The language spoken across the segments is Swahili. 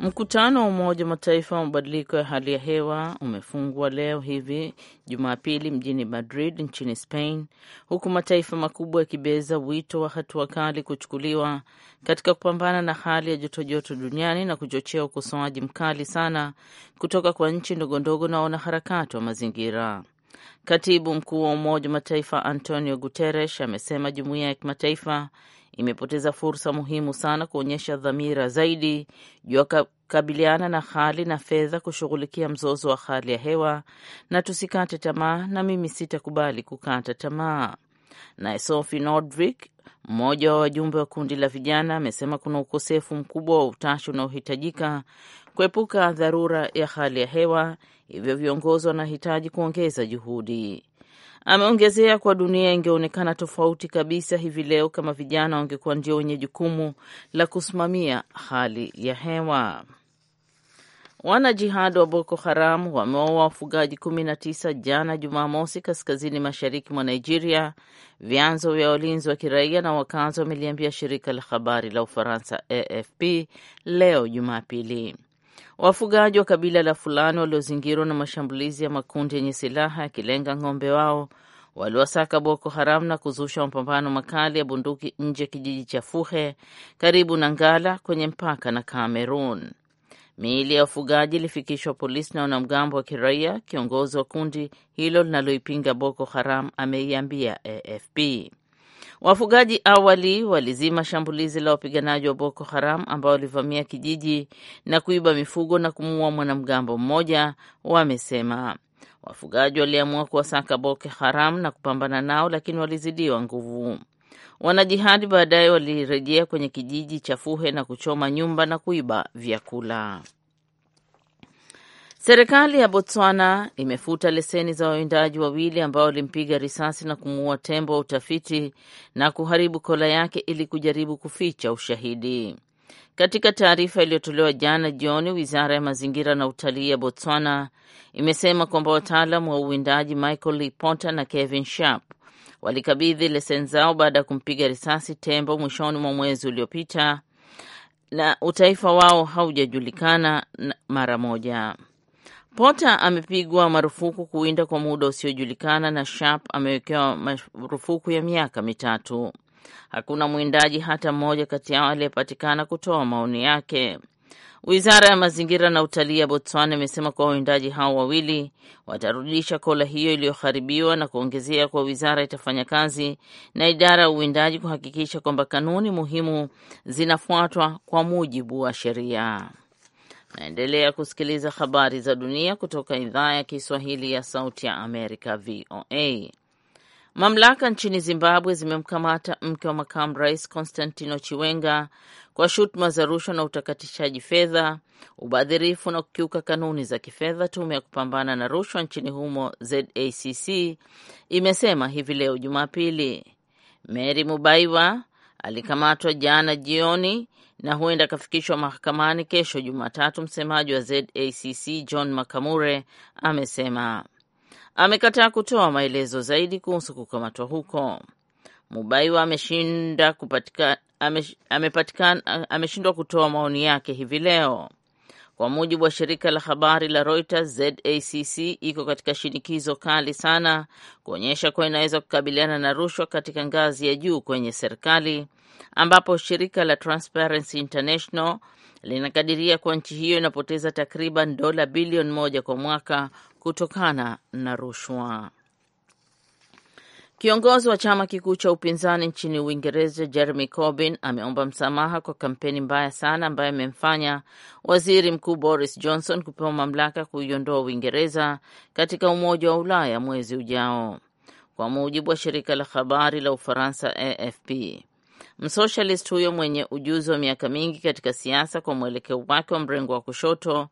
Mkutano wa Umoja wa Mataifa wa mabadiliko ya hali ya hewa umefungwa leo hivi Jumapili mjini Madrid nchini Spain, huku mataifa makubwa yakibeza wito wa hatua kali kuchukuliwa katika kupambana na hali ya jotojoto duniani na kuchochea ukosoaji mkali sana kutoka kwa nchi ndogondogo na wanaharakati wa mazingira. Katibu mkuu wa Umoja wa Mataifa Antonio Guterres amesema jumuiya ya kimataifa imepoteza fursa muhimu sana kuonyesha dhamira zaidi juu ya kukabiliana na hali na fedha kushughulikia mzozo wa hali ya hewa, na tusikate tamaa, na mimi sitakubali kukata tamaa. Naye Sophie Nordrick, mmoja wa wajumbe wa kundi la vijana, amesema kuna ukosefu mkubwa wa utashi unaohitajika kuepuka dharura ya hali ya hewa, hivyo viongozi wanahitaji kuongeza juhudi. Ameongezea kuwa dunia ingeonekana tofauti kabisa hivi leo kama vijana wangekuwa ndio wenye jukumu la kusimamia hali ya hewa. Wanajihadi wa Boko Haram wamewaua wafugaji 19 na tisa jana Jumamosi, kaskazini mashariki mwa Nigeria. Vyanzo vya walinzi wa kiraia na wakazi wameliambia shirika la habari la Ufaransa AFP leo Jumapili. Wafugaji wa kabila la Fulani waliozingirwa na mashambulizi ya makundi yenye silaha yakilenga ng'ombe wao waliwasaka Boko Haram na kuzusha mapambano makali ya bunduki nje ya kijiji cha Fuhe karibu na Ngala kwenye mpaka na Kamerun. Miili ya wafugaji ilifikishwa polisi na wanamgambo wa kiraia. Kiongozi wa kundi hilo linaloipinga Boko Haram ameiambia AFP wafugaji awali walizima shambulizi la wapiganaji wa Boko Haram ambao walivamia kijiji na kuiba mifugo na kumuua mwanamgambo mmoja, wamesema. Wafugaji waliamua kuwasaka Boko Haram na kupambana nao, lakini walizidiwa nguvu. Wanajihadi baadaye walirejea kwenye kijiji cha Fuhe na kuchoma nyumba na kuiba vyakula. Serikali ya Botswana imefuta leseni za wawindaji wawili ambao walimpiga risasi na kumuua tembo wa utafiti na kuharibu kola yake ili kujaribu kuficha ushahidi. Katika taarifa iliyotolewa jana jioni, wizara ya mazingira na utalii ya Botswana imesema kwamba wataalam wa uwindaji Michael Lipota e. na Kevin Sharp walikabidhi leseni zao baada ya kumpiga risasi tembo mwishoni mwa mwezi uliopita na utaifa wao haujajulikana mara moja. Pota amepigwa marufuku kuwinda kwa muda usiojulikana na Sharp amewekewa marufuku ya miaka mitatu. Hakuna mwindaji hata mmoja kati yao aliyepatikana kutoa maoni yake. Wizara ya mazingira na utalii ya Botswana imesema kuwa wawindaji hao wawili watarudisha kola hiyo iliyoharibiwa na kuongezea kuwa wizara itafanya kazi na idara ya uwindaji kuhakikisha kwamba kanuni muhimu zinafuatwa kwa mujibu wa sheria. Naendelea kusikiliza habari za dunia kutoka idhaa ya Kiswahili ya Sauti ya Amerika, VOA. Mamlaka nchini Zimbabwe zimemkamata mke wa makamu rais Constantino Chiwenga kwa shutuma za rushwa na utakatishaji fedha, ubadhirifu na kukiuka kanuni za kifedha. Tume ya kupambana na rushwa nchini humo ZACC imesema hivi leo Jumapili. Mary Mubaiwa alikamatwa jana jioni na huenda akafikishwa mahakamani kesho Jumatatu. Msemaji wa ZACC John Makamure amesema amekataa kutoa maelezo zaidi kuhusu kukamatwa huko. Mubaiwa ameshindwa kupatikana ameshindwa kutoa maoni yake hivi leo, kwa mujibu wa shirika la habari la Reuters. ZACC iko katika shinikizo kali sana kuonyesha kuwa inaweza kukabiliana na rushwa katika ngazi ya juu kwenye serikali, ambapo shirika la Transparency International linakadiria kuwa nchi hiyo inapoteza takriban dola bilioni moja kwa mwaka kutokana na rushwa. Kiongozi wa chama kikuu cha upinzani nchini Uingereza, Jeremy Corbyn ameomba msamaha kwa kampeni mbaya sana ambayo imemfanya waziri mkuu Boris Johnson kupewa mamlaka ya kuiondoa Uingereza katika Umoja wa Ulaya mwezi ujao, kwa mujibu wa shirika la habari la Ufaransa AFP. Msocialist huyo mwenye ujuzi wa miaka mingi katika siasa kwa mwelekeo wake wa mrengo wa kushoto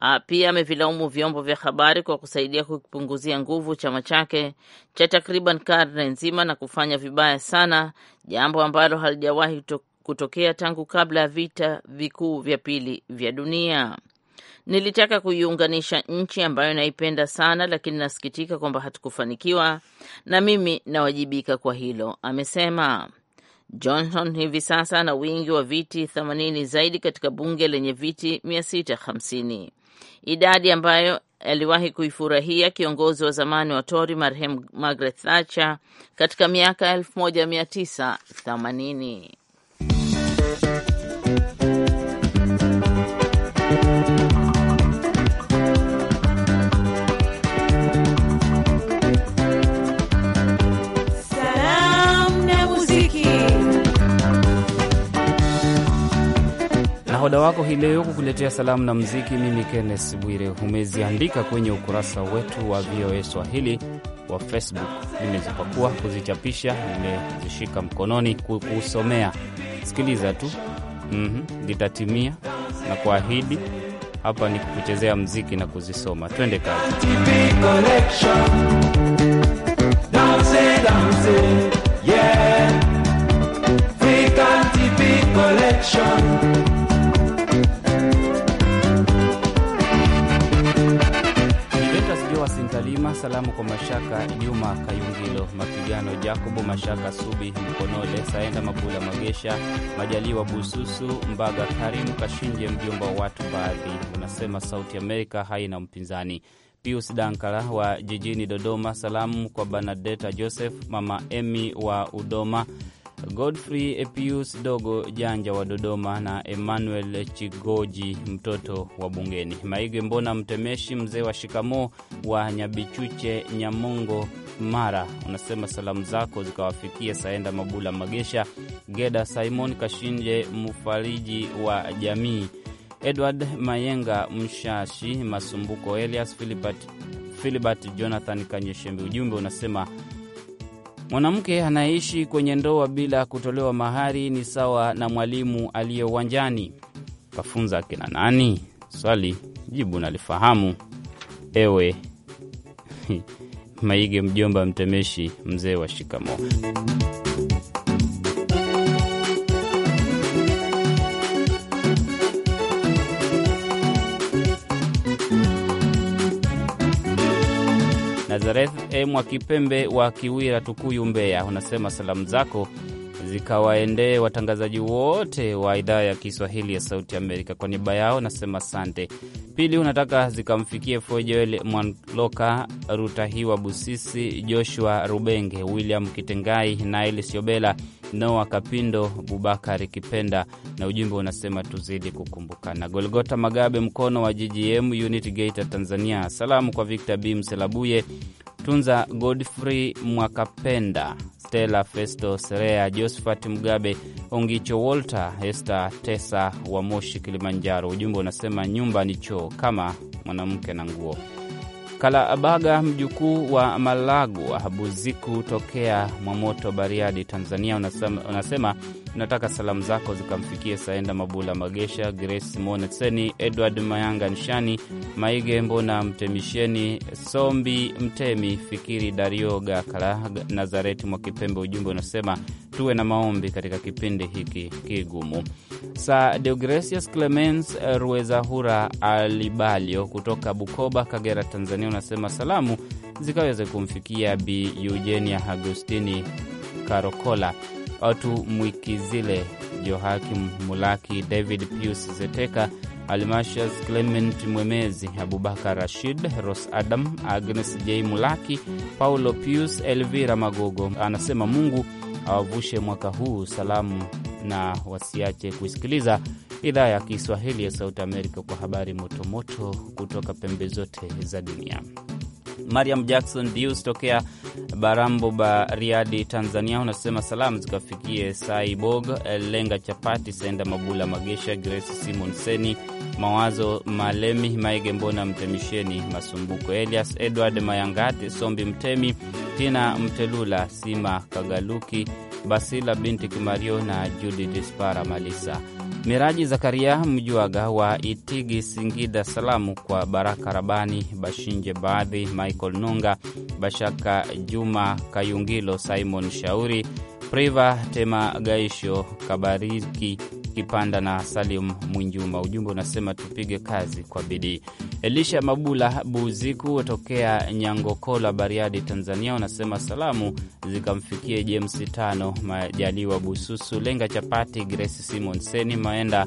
a, ah, pia amevilaumu vyombo vya habari kwa kusaidia kukipunguzia nguvu chama chake cha takriban karne nzima na kufanya vibaya sana, jambo ambalo halijawahi kutokea tangu kabla ya vita vikuu vya pili vya dunia. Nilitaka kuiunganisha nchi ambayo naipenda sana, lakini nasikitika kwamba hatukufanikiwa, na mimi nawajibika kwa hilo, amesema. Johnson hivi sasa ana wingi wa viti 80 zaidi katika bunge lenye viti 650, idadi ambayo aliwahi kuifurahia kiongozi wa zamani wa Tory marehemu Margaret Thatcher katika miaka 1980. nahoda wako hii leo kukuletea salamu na mziki. Mimi kennes Bwire. Umeziandika kwenye ukurasa wetu wa VOA Swahili wa Facebook, nimezipakua kuzichapisha, nimezishika mkononi kusomea. Sikiliza tu, litatimia mhm, mm -hmm. na kuahidi hapa ni kukuchezea mziki na kuzisoma. Twende kazi. Mwadhama, salamu kwa Mashaka Juma Kayungilo, Mapigano Jacobo Mashaka Subi Mkonole, Saenda Mabula Magesha, Majaliwa Bususu Mbaga, Karimu Kashinje, mjomba wa watu baadhi. Unasema Sauti Amerika haina mpinzani. Pius Dankala wa jijini Dodoma, salamu kwa Banadeta Joseph, mama Emi wa Udoma Godfrey Epius Dogo Janja wa Dodoma na Emmanuel Chigoji mtoto wa Bungeni, Maige Mbona Mtemeshi, mzee wa shikamoo wa Nyabichuche, Nyamongo, Mara. Unasema salamu zako zikawafikia Saenda Mabula Magesha, Geda Simon Kashinje, mfariji wa jamii, Edward Mayenga Mshashi, Masumbuko Elias Philibert Jonathan Kanyeshembi. Ujumbe unasema Mwanamke anayeishi kwenye ndoa bila kutolewa mahari ni sawa na mwalimu aliye uwanjani. Kafunza akina nani? Swali jibu nalifahamu, ewe Maige mjomba mtemeshi, mzee wa shikamoo. Nazareth e Mwakipembe wa Kiwira, Tukuyu, Mbeya, unasema salamu zako zikawaendee watangazaji wote wa idhaa ya Kiswahili ya Sauti Amerika. Kwa niaba yao nasema sante Pili, unataka zikamfikie Fojoel Mwanloka, Rutahiwa Busisi, Joshua Rubenge, William Kitengai, Nail Siobela, Noa Kapindo, Bubakari Kipenda, na ujumbe unasema tuzidi kukumbukana. Golgota Magabe Mkono wa GGM Unit Gate Tanzania, salamu kwa Victor B Mselabuye Tunza Godfrey Mwakapenda, Stella Festo Serea, Josephat mgabe Ongicho Walter, Esther Tesa wa Moshi, Kilimanjaro. Ujumbe unasema nyumba ni choo kama mwanamke na nguo. Kalaabaga mjukuu wa Malagu Abuziku tokea Mwamoto, Bariadi, Tanzania, unasema, unasema Tunataka salamu zako zikamfikie Saenda Mabula Magesha, Grace moneseni Edward Mayanga Nshani, Maige Mbona Mtemisheni, Sombi Mtemi, Fikiri dario Gakala, Nazareti Mwakipembe. Ujumbe unasema tuwe na maombi katika kipindi hiki kigumu. Sa Deogresias Clemens eh, Ruezahura Alibalio kutoka Bukoba, Kagera, Tanzania, unasema salamu zikaweze kumfikia Bi Eugenia Agustini Karokola Otu Mwikizile, Johakim Mulaki, David Pius Zeteka, Almashas Clement Mwemezi, Abubakar Rashid, Ros Adam, Agnes J Mulaki, Paulo Pius, Elvira Magogo. Anasema Mungu awavushe mwaka huu salamu na wasiache kuisikiliza idhaa ya Kiswahili ya Sauti Amerika kwa habari motomoto kutoka pembe zote za dunia. Mariam Jackson dius tokea Barambo ba Riadi, Tanzania, unasema salamu zikafikie Saibog Lenga Chapati, Senda Mabula Magesha, Grace Simon Seni, Mawazo Malemi Maige, Mbona Mtemisheni, Masumbuko Elias Edward Mayangati, Sombi Mtemi, Tina Mtelula, Sima Kagaluki, Basila binti Kimario na Judith Dispara Malisa. Miraji Zakaria Mjuaga wa Itigi, Singida, salamu kwa Baraka Rabani, Bashinje Baadhi, Michael Nunga, Bashaka Juma Kayungilo, Simon Shauri, Priva Tema Gaisho Kabariki Kipanda na Salim Mwinjuma. Ujumbe unasema tupige kazi kwa bidii. Elisha Mabula Buziku watokea Nyangokola, Bariadi, Tanzania, unasema salamu zikamfikie James Tano Majaliwa Bususu Lenga Chapati, Grace Simon Seni Maenda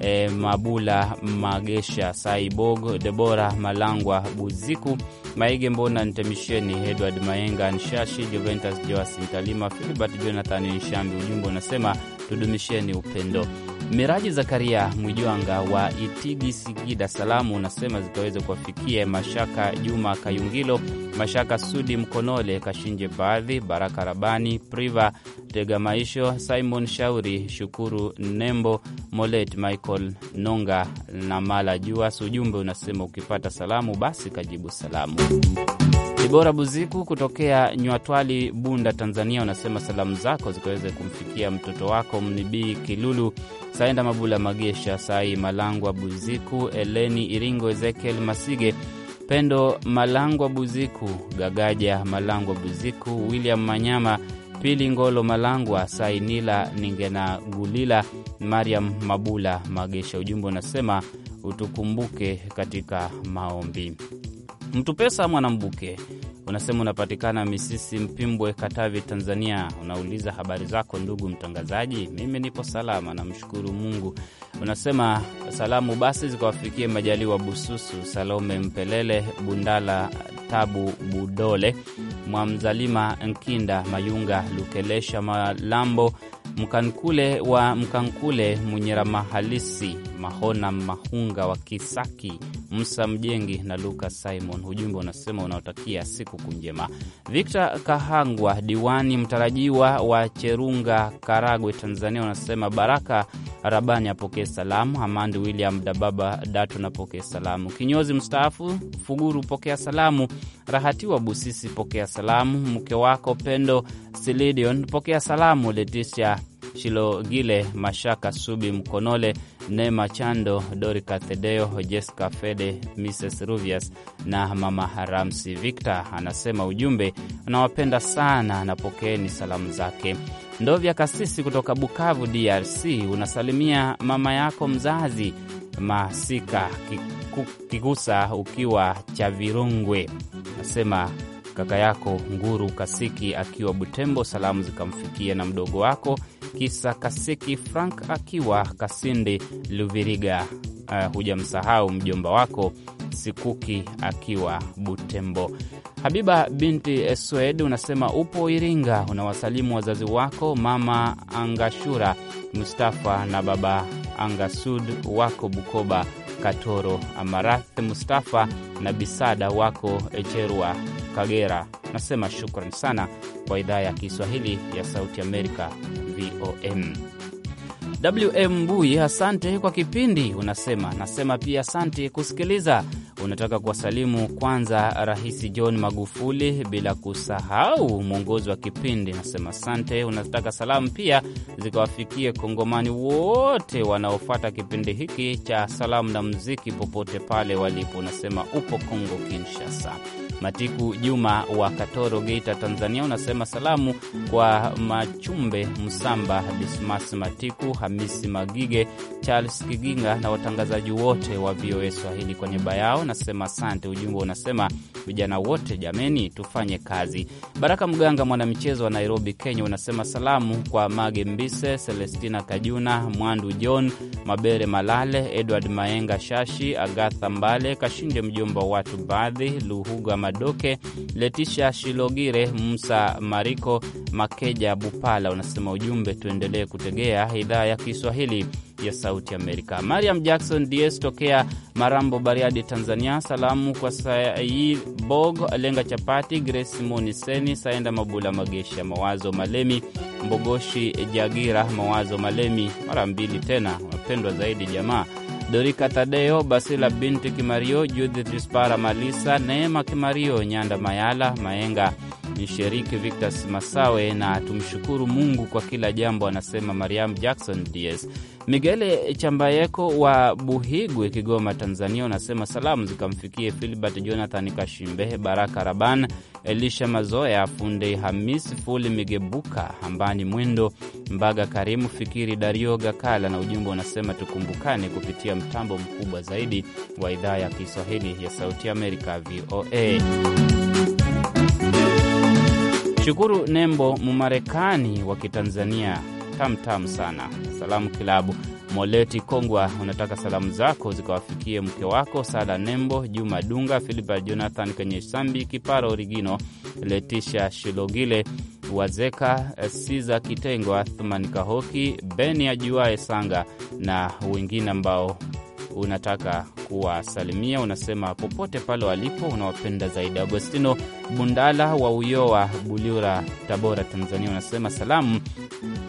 E, Mabula Magesha Saibog Debora Malangwa Buziku Maige Mbona Ntemisheni Edward Maenga Nshashi Juventus Joas Ntalima Filibert Jonathan Nshambi. Ujumbe unasema tudumisheni upendo. Miraji Zakaria Mwijwanga wa itigi sigida salamu unasema zikaweze kuwafikia Mashaka Juma Kayungilo, Mashaka Sudi Mkonole, Kashinje Baadhi, Baraka Rabani, Priva Tega Maisho, Simon Shauri, Shukuru Nembo, Molet Michael Nonga na Mala Juas. Ujumbe unasema ukipata salamu basi kajibu salamu. Dibora Buziku kutokea Nywatwali, Bunda, Tanzania, unasema salamu zako zikaweze kumfikia mtoto wako Mnibii Kilulu, Saenda Mabula, Magesha Sai Malangwa Buziku, Eleni Iringo, Ezekiel Masige, Pendo Malangwa Buziku, Gagaja Malangwa Buziku, William Manyama, Pili Ngolo Malangwa, Sainila Ningena Gulila, Mariam Mabula Magesha. Ujumbe unasema utukumbuke katika maombi mtu pesa Mwanambuke, unasema unapatikana Misisi Mpimbwe, Katavi, Tanzania. Unauliza habari zako ndugu mtangazaji, mimi nipo salama, namshukuru Mungu. Unasema salamu basi zikawafikie Majaliwa Bususu, Salome Mpelele, Bundala Tabu Budole, Mwamzalima Nkinda, Mayunga Lukelesha, Malambo Mkankule wa Mkankule, Munyerama halisi Mahona Mahunga wa Kisaki Musa Mjengi na Lucas Simon. Ujumbe unasema unaotakia siku kunjema. Victor Kahangwa, diwani mtarajiwa wa Cherunga, Karagwe, Tanzania, unasema Baraka Rabani apokee salamu. Amandi William Dababa Datu napokee salamu. Kinyozi mstaafu Fuguru pokea salamu. Rahatiwa Busisi pokea salamu. Mke wako Pendo Silidion pokea salamu. Leticia Chilogile, Mashaka Subi, Mkonole, nema Chando, Dorika Thedeo, Jessica Fede, Mrs Ruvias na Mama ramsi Victor anasema ujumbe anawapenda sana, napokeeni salamu zake. Ndovya Kasisi kutoka Bukavu, DRC, unasalimia mama yako mzazi Masika Kikusa ukiwa cha Virungwe, nasema kaka yako Nguru Kasiki akiwa Butembo. Salamu zikamfikia na mdogo wako Kisa Kasiki Frank akiwa Kasindi Luviriga. Uh, hujamsahau mjomba wako Sikuki akiwa Butembo. Habiba binti Swed unasema upo Iringa, unawasalimu wazazi wako mama Angashura Mustafa na baba Angasud wako Bukoba Katoro, Amarath Mustafa na Bisada wako Echerwa, Kagera. Nasema shukran sana kwa idhaa ya Kiswahili ya Sauti Amerika, VOM. WM Mbui, asante kwa kipindi unasema. Nasema pia asante kusikiliza unataka kuwasalimu kwanza Rais John Magufuli, bila kusahau mwongozi wa kipindi, nasema sante. Unataka salamu pia zikawafikie Kongomani wote wanaofata kipindi hiki cha salamu na muziki popote pale walipo, unasema upo Kongo Kinshasa. Matiku Juma wa Katoro, Geita, Tanzania, unasema salamu kwa Machumbe Msamba, Dismas Matiku, Hamisi Magige, Charles Kiginga na watangazaji wote wa VOA Swahili. Kwa niaba yao nasema asante. Ujumbe unasema vijana wote, jameni, tufanye kazi. Baraka Mganga, mwanamichezo wa Nairobi, Kenya, unasema salamu kwa Mage Mbise, Celestina Kajuna, Mwandu John Mabere, Malale Edward Maenga, Shashi Agatha Mbale, Kashinde, mjomba watu baadhi, Luhuga Madoke, Letisha Shilogire, Musa Mariko, Makeja Bupala. Unasema ujumbe, tuendelee kutegea idhaa ya Kiswahili ya Sauti Amerika. Mariam Jackson DS tokea Marambo, Bariadi, Tanzania. Salamu kwa Sai Bog Lenga Chapati, Grace Moniseni, Saenda Mabula Magesha, Mawazo Malemi, Mbogoshi Jagira, Mawazo Malemi. Mara mbili tena, wapendwa zaidi jamaa Dorika Tadeo, Basila binti Kimario, Judith Dispara Malisa, Neema Kimario, Nyanda Mayala Maenga, Nishiriki Victor Masawe, na tumshukuru Mungu kwa kila jambo, anasema Mariam Jackson DS. Migele Chambayeko wa Buhigwe, Kigoma, Tanzania, unasema salamu zikamfikie Filibert Jonathan Kashimbehe, Baraka Raban, Elisha Mazoya, Funde Hamis, Fuli Migebuka, Hambani Mwendo, Mbaga Karimu, Fikiri Dario Gakala, na ujumbe unasema tukumbukane kupitia mtambo mkubwa zaidi wa idhaa ya Kiswahili ya Sauti Amerika, VOA. Shukuru Nembo, Mumarekani wa Kitanzania tamtam sana. Salamu Kilabu Moleti Kongwa, unataka salamu zako zikawafikie mke wako Sala Nembo, Juma Dunga, Filipa Jonathan Kenyesambi, Kiparo Origino, Letisha Shilogile, Wazeka Siza kitengwa Thumani Kahoki, Beni Ajuae Sanga na wengine ambao unataka kuwasalimia, unasema popote pale walipo, unawapenda zaidi. Agostino Bundala wa Uyoa, Bulura, Tabora, Tanzania, unasema salamu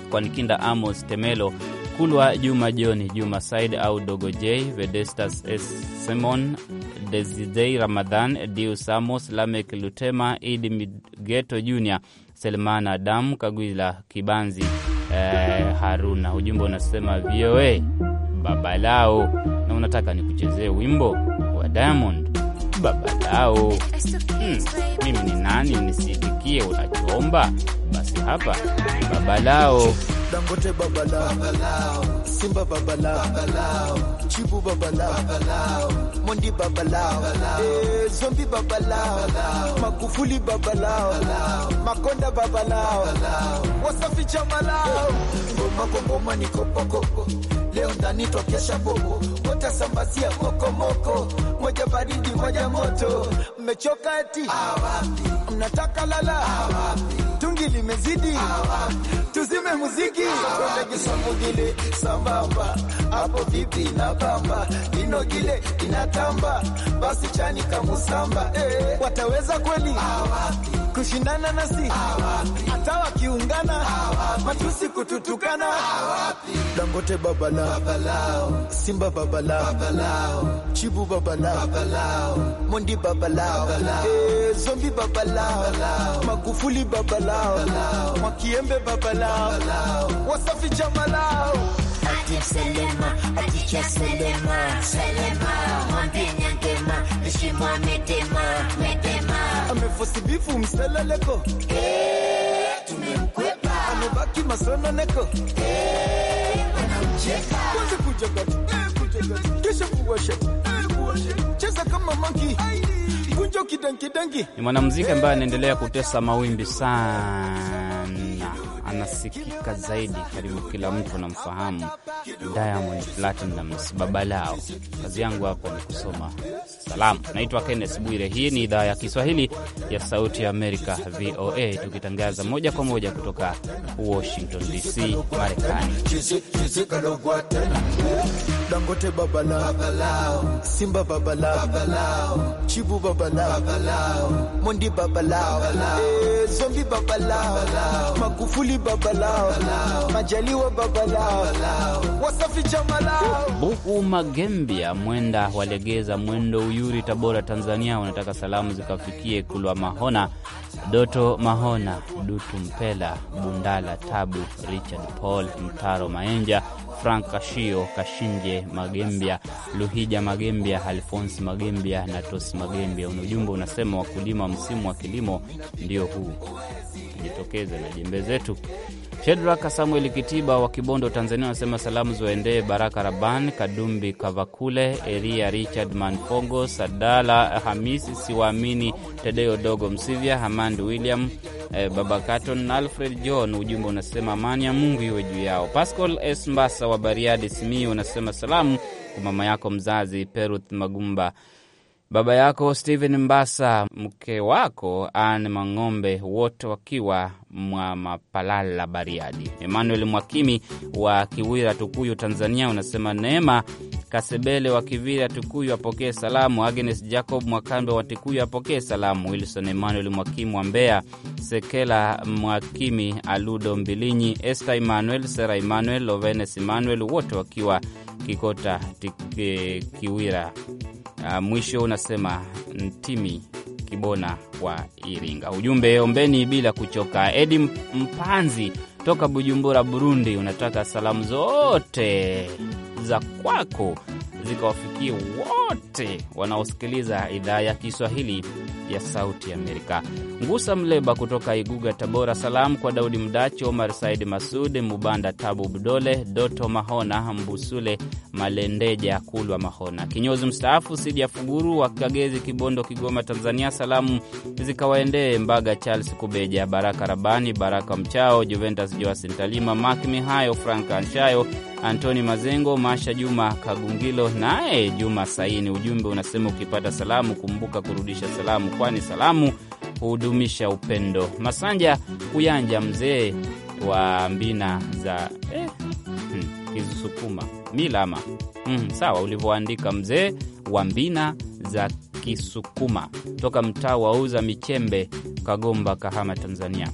kwa Nikinda Amos Temelo Kulwa Juma Joni Juma Said au Dogo J Vedestas S Simon Desidei Ramadhan Diu Samos Lamek Lutema Idi Migeto Junior Selmana Adamu Kagwila Kibanzi eh, Haruna. Ujumbe unasema VOA babalao unataka nikuchezee wimbo wa Diamond? Baba hmm, mimi ni nani nisiitikie unachoomba? Basi hapa baba lao Dangote baba lao, baba lao. Simba baba lao, baba lao. Chibu baba lao, baba lao. Mondi baba lao, baba lao. Zombi baba lao, baba lao. Magufuli baba lao, baba lao. Makonda baba lao, baba lao. Wasafi chama lao. Ngoma kwa ngoma leo ndanitwa kesha bobo, wote sambazia kokomoko, moja baridi moja moto. Mmechoka eti awapi? Mnataka lala awapi? Tungi limezidi awapi? Tuzime muziki alegsamugile sambamba, hapo vipi na bamba gile inatamba, basi chani kamusamba eh, wataweza kweli awapi? Kushindana nasi awapi? Hata wakiungana matusi kututukana, Dangote babala, babalao, Simba babalao, babalao, Chibu babalao, babalao, Mondi babalao, babalao, hey, eh, Zombi babalao, babalao, Magufuli babalao, babalao, Mwakiembe babalao, babalao, Wasafi jamalao Ati Selema, cha selema, selema, mwambi nyangema, nishimwa medema, medema. Amefosibifu mselaleko, eh, tumemkwepa amebaki masononeko kwanza kisha eh, eh, cheza kama manki Ni mwanamuziki ambaye anaendelea kutesa mawimbi sana anasikika zaidi, karibu kila mtu anamfahamu Diamond Platnumz, baba lao. Kazi yangu hapa ni kusoma salamu. Naitwa kennes Bwire. Hii ni idhaa ya Kiswahili ya Sauti ya Amerika, VOA, tukitangaza moja kwa moja kutoka Washington DC, Marekani. Dangote babala babalao. Simba babala babalao. Chibu babala, babalao. Mondi babalao, babalao. Eh, Zombi babalao, babalao. Magufuli babalao, babalao. Majaliwa babalao, babalao. Wasafi chamalao. Buku Magembia Mwenda walegeza mwendo Uyuri Tabora Tanzania wanataka salamu zikafikie Kulwa Mahona Doto Mahona, Dutu Mpela, Bundala Tabu, Richard Paul Mtaro, Maenja Frank Kashio, Kashinje Magembia, Luhija Magembia, Alfonsi Magembia na Tosi Magembia. Una unasema wakulima, msimu wa kilimo ndio huu tujitokeze na jembe zetu. Shedraka Samuel Kitiba wa Kibondo, Tanzania, anasema salamu ziwaendee Baraka Raban Kadumbi Kavakule, Eria Richard Manfongo, Sadala Hamisi, Siwaamini Tedeo Dogo Msivya, Hamand William, eh, Baba na Alfred John. Ujumbe unasema amani ya Mungu iwe juu yao. Pascal S Mbasa wa Bariadi simii unasema salamu kwa mama yako mzazi Peruth Magumba baba yako Stephen Mbasa, mke wako Anne Mang'ombe, wote wakiwa mwa Mapalala, Bariadi. Emmanuel Mwakimi wa Kiwira, Tukuyu, Tanzania, unasema Neema Kasebele wa Kivira, Tukuyu apokee salamu. Agnes Jacob Mwakambe wa Tukuyu apokee salamu. Wilson Emmanuel Mwakimi wa Mbeya, Sekela Mwakimi, Aludo Mbilinyi, este Emmanuel, Sera Emmanuel, Lovenes Emmanuel, wote wakiwa Kikota eh, Kiwira. Uh, mwisho unasema Ntimi Kibona wa Iringa. Ujumbe ombeni bila kuchoka. Edi Mpanzi toka Bujumbura, Burundi, unataka salamu zote za kwako zikawafikie wote wanaosikiliza idhaa ya Kiswahili ya Sauti Amerika. Ngusa Mleba kutoka Iguga, Tabora, salamu kwa Daudi Mdachi, Omar saidi Masud Mubanda, Tabu Bdole, Doto Mahona, Mbusule Malendeja, Kulwa Mahona, kinyozi mstaafu Sidi Fuguru wa Kagezi, Kibondo, Kigoma, Tanzania. Salamu zikawaendee Mbaga Charles Kubeja, Baraka Rabani, Baraka Mchao, Juventus Joasin Talima, Mak Mihayo, Frank Anshayo Antoni Mazengo, Masha Juma Kagungilo naye Juma Saini. Ujumbe unasema ukipata salamu kumbuka kurudisha salamu, kwani salamu hudumisha upendo. Masanja Kuyanja, mzee wa mbina za eh, hmm, Kisukuma milama hmm, sawa ulivyoandika, mzee wa mbina za Kisukuma toka mtaa wa uza Michembe, Kagomba, Kahama, Tanzania.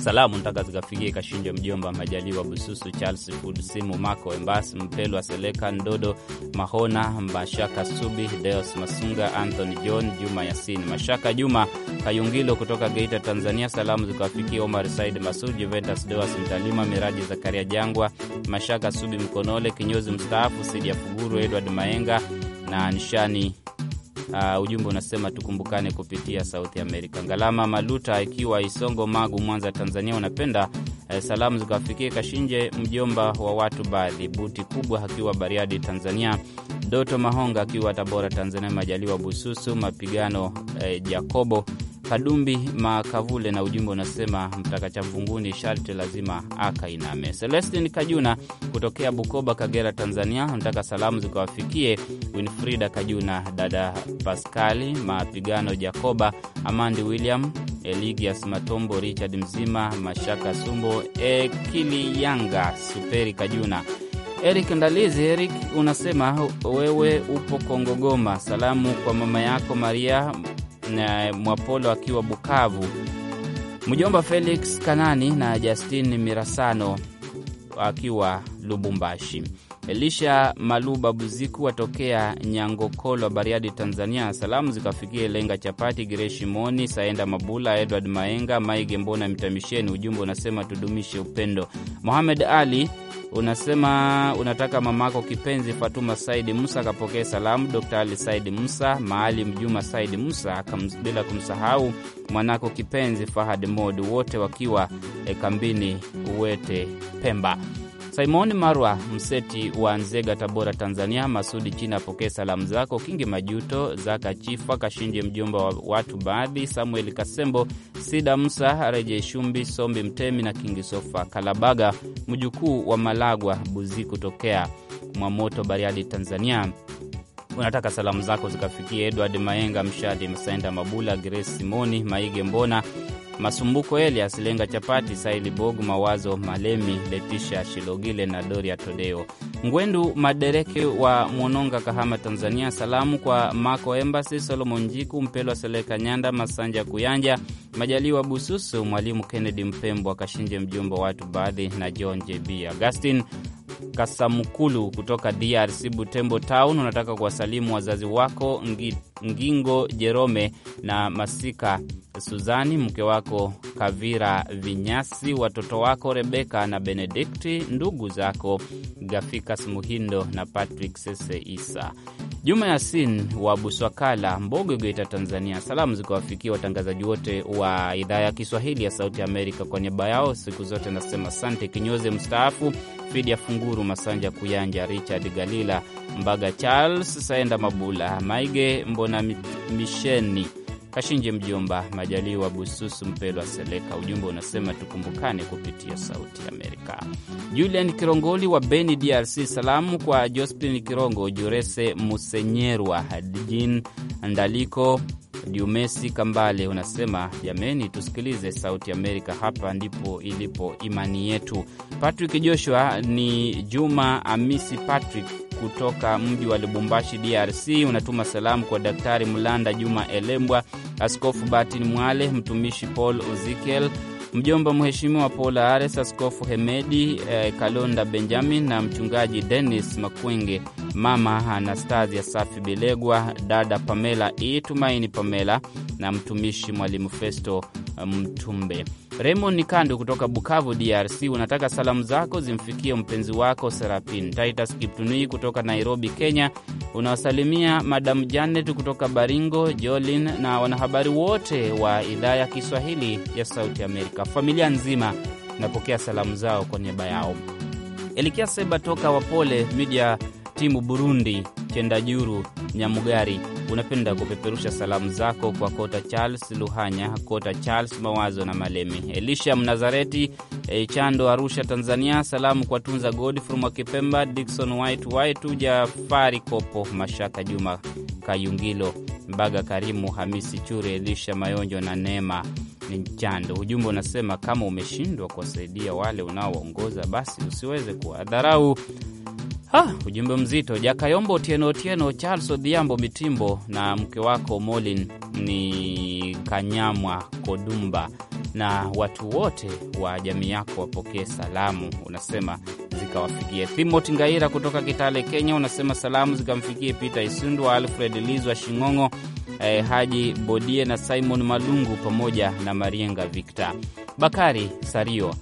Salamu ntaka zikafikia Kashinje Mjomba, Majaliwa Bususu, Charles Fud Simu, Mako Embas, Mpelwa Seleka, Ndodo Mahona, Mashaka Subi, Deos Masunga, Anthony John, Juma Yasin, Mashaka Juma Kayungilo kutoka Geita, Tanzania. Salamu zikawafikia Omar Said Masud, Juventus Deos Mtalima, Miraji Zakaria Jangwa, Mashaka Subi Mkonole, kinyozi mstaafu, Sidia Fuguru, Edward Maenga na nishani Uh, ujumbe unasema tukumbukane kupitia Sauti Amerika. Ngalama Maluta ikiwa Isongo, Magu, Mwanza, Tanzania, unapenda uh, salamu zikawafikie Kashinje mjomba wa watu baadhi, Buti Kubwa akiwa Bariadi, Tanzania, Doto Mahonga akiwa Tabora, Tanzania, Majaliwa Bususu Mapigano, uh, Jakobo Kadumbi Makavule na ujumbe unasema mtakacha mvunguni sharti lazima akainame. Celestin Kajuna kutokea Bukoba, Kagera, Tanzania, nataka salamu zikawafikie Winfrida Kajuna, dada Paskali Mapigano, Jacoba Amandi, William Eligias Matombo, Richard Mzima, Mashaka Sumbo, Ekili Yanga, Superi Kajuna, Eric Ndalizi. Eric unasema wewe upo Kongogoma, salamu kwa mama yako Maria na Mwapolo akiwa Bukavu, mjomba Felix Kanani na Justin Mirasano akiwa Lubumbashi. Elisha Maluba Buziku watokea Nyangokolwa, Bariadi, Tanzania. Salamu zikafikia Lenga Chapati, Gireshi Moni, Saenda Mabula, Edward Maenga, Maige Mbona Mtamisheni. Ujumbe unasema tudumishe upendo. muhamed Ali unasema unataka mamako kipenzi Fatuma Saidi Musa akapokee salamu, Dr Ali Saidi Musa, Maalim Juma Saidi Musa, bila kumsahau mwanako kipenzi Fahad Mod, wote wakiwa eh, kambini Uwete, Pemba. Simon Marwa Mseti wa Nzega, Tabora, Tanzania. Masudi China apokee salamu zako. Kingi Majuto Zaka Chifa Kashinje, mjomba wa watu baadhi, Samuel Kasembo, Sida Musa, Reje Shumbi, Sombi Mtemi na Kingi Sofa Kalabaga, mjukuu wa Malagwa Buzi kutokea Mwamoto, Bariadi, Tanzania. Unataka salamu zako zikafikia Edward Maenga, Mshadi Msaenda, Mabula Grace Simoni Maige, Mbona Masumbuko Elias Lenga Chapati, Saili Bogu, Mawazo Malemi, Letisha Shilogile na Doria Todeo Ngwendu Madereke wa Mwononga, Kahama, Tanzania. Salamu kwa Mako Embasi, Solomon Jiku, Mpelwa Seleka Nyanda, Masanja Kuyanja, Majaliwa Bususu, Mwalimu Kennedi Mpembo Akashinje, mjumbe watu baadhi na John JB augustin Kasamukulu kutoka DRC, Butembo Town, unataka kuwasalimu wazazi wako Ngingo Jerome na Masika Suzani, mke wako Kavira Vinyasi, watoto wako Rebeka na Benedikti, ndugu zako Gafikas Muhindo na Patrick Sese Isa. Juma Yasin wa Buswakala, Mbogo, Geita, Tanzania, salamu zikawafikia watangazaji wote wa idhaa ya Kiswahili ya Sauti ya Amerika. Kwa niaba yao siku zote nasema asante. Kinyozi mstaafu Fidia Funguru, Masanja Kuyanja, Richard Galila, Mbaga Charles, Saenda Mabula, Maige Mbona Misheni, Kashinje Mjomba, Majaliwa Bususu, Mpelwa Seleka. Ujumbe unasema tukumbukane kupitia Sauti Amerika. Julian Kirongoli wa Beni, DRC, salamu kwa Jospin Kirongo, Jurese Musenyerwa, Hadijin Ndaliko Dumesi Kambale unasema jameni, tusikilize Sauti Amerika, hapa ndipo ilipo imani yetu. Patrick Joshua ni Juma Amisi Patrick kutoka mji wa Lubumbashi, DRC, unatuma salamu kwa Daktari Mlanda Juma Elembwa, Askofu Batin Mwale, mtumishi Paul uzikel mjomba Mheshimiwa Paul Ares, Askofu Hemedi eh, Kalonda Benjamin na mchungaji denis Makwenge mama Anastasia Safi Bilegwa, dada Pamela itumaini Pamela na mtumishi mwalimu Festo eh, Mtumbe. Raymond Nikandu kutoka Bukavu, DRC, unataka salamu zako zimfikie mpenzi wako Serapin Titus Kiptunui kutoka Nairobi, Kenya. Unawasalimia Madamu Janet kutoka Baringo, Jolin na wanahabari wote wa idhaa ya Kiswahili ya Sauti Amerika. Familia nzima napokea salamu zao kwa niaba yao. Elikia Seba toka Wapole Media timu Burundi Chendajuru Nyamugari, unapenda kupeperusha salamu zako kwa Kota Charles Luhanya, Kota Charles Mawazo na Malemi Elisha Mnazareti eh, Chando, Arusha Tanzania. Salamu kwa Tunza Godfrey Mwakipemba, Dikson White White, Jafari Kopo, Mashaka Juma Kayungilo, Mbaga Karimu, Hamisi Chure, Elisha Mayonjo na Neema ni Chando. Ujumbe unasema kama umeshindwa kuwasaidia wale unaoongoza, basi usiweze kuwadharau Ha, ujumbe mzito. Jakayombo Otieno Otieno, Charles Odhiambo Mitimbo na mke wako Molin ni Kanyamwa Kodumba na watu wote wa jamii yako wapokee salamu, unasema zikawafikie. Thimot Ngaira kutoka Kitale, Kenya, unasema salamu zikamfikie Peter Isundwa, Alfred Lizwa Shing'ong'o, eh, Haji Bodie na Simon Malungu pamoja na Marienga Victor Bakari Sario,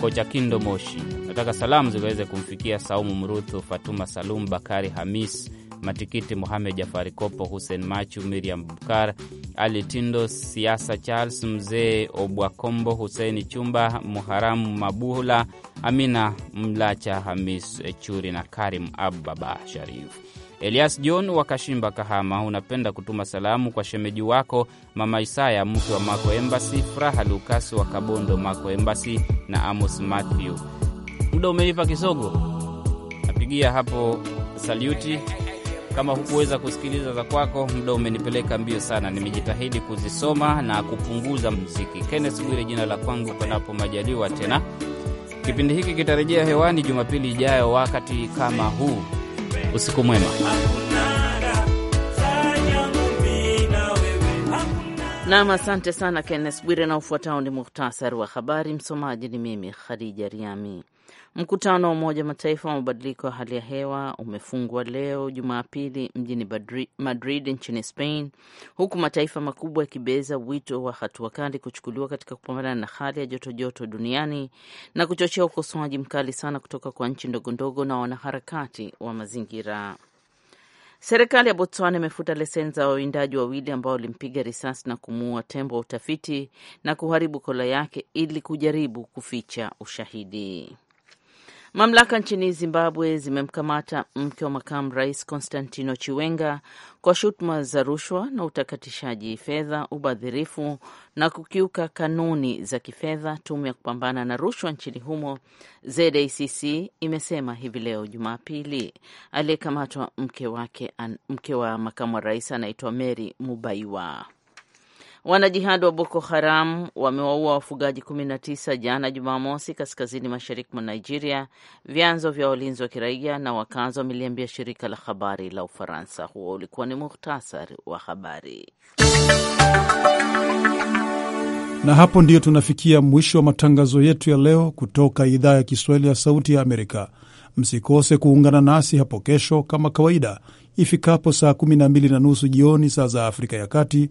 kocha Kindo Moshi Nataka salamu ziweze kumfikia Saumu Mruthu, Fatuma Salum, Bakari Hamis Matikiti, muhamed Jafari Kopo, Hussein Machu, Miriam Bukar, Ali Tindo, Siasa Charles, Mzee Obwakombo, Huseini Chumba, Muharamu mabula Amina Mlacha, Hamis Churi na Karim Ababa Sharif. Elias John wa Kashimba, Kahama, unapenda kutuma salamu kwa shemeji wako Mama Isaya mke wa Mako embasy Furaha Lukasi wa Kabondo Mako embasy na Amos Mathew muda umeipa kisogo. Napigia hapo saluti. Kama hukuweza kusikiliza za kwako, muda umenipeleka mbio sana. Nimejitahidi kuzisoma na kupunguza mziki. kennes Bwire jina la kwangu, panapo majaliwa tena. Kipindi hiki kitarejea hewani Jumapili ijayo wakati kama huu. Usiku mwema. Nam, asante sana Kennes Bwire. Na ufuatao ni muhtasari wa habari. Msomaji ni mimi Khadija Riami. Mkutano wa Umoja Mataifa wa mabadiliko ya hali ya hewa umefungwa leo Jumapili mjini Madrid nchini Spain, huku mataifa makubwa yakibeza wito wa hatua kali kuchukuliwa katika kupambana na hali ya joto joto duniani na kuchochea ukosoaji mkali sana kutoka kwa nchi ndogondogo na wanaharakati wa mazingira. Serikali ya Botswana imefuta leseni za wawindaji wawili ambao walimpiga risasi na kumuua tembo wa utafiti na kuharibu kola yake ili kujaribu kuficha ushahidi. Mamlaka nchini Zimbabwe zimemkamata mke wa makamu rais Constantino Chiwenga kwa shutuma za rushwa na utakatishaji fedha, ubadhirifu na kukiuka kanuni za kifedha. Tume ya kupambana na rushwa nchini humo ZACC imesema hivi leo Jumapili aliyekamatwa mke wake, mke wa makamu wa rais anaitwa Mary Mubaiwa. Wanajihadi wa Boko Haram wamewaua wafugaji 19 jana Jumamosi kaskazini mashariki mwa Nigeria, vyanzo vya walinzi wa kiraia na wakazi wameliambia shirika la habari la Ufaransa. Huo ulikuwa ni muhtasari wa habari, na hapo ndiyo tunafikia mwisho wa matangazo yetu ya leo kutoka idhaa ya Kiswahili ya Sauti ya Amerika. Msikose kuungana nasi hapo kesho kama kawaida ifikapo saa 12 na nusu jioni saa za Afrika ya Kati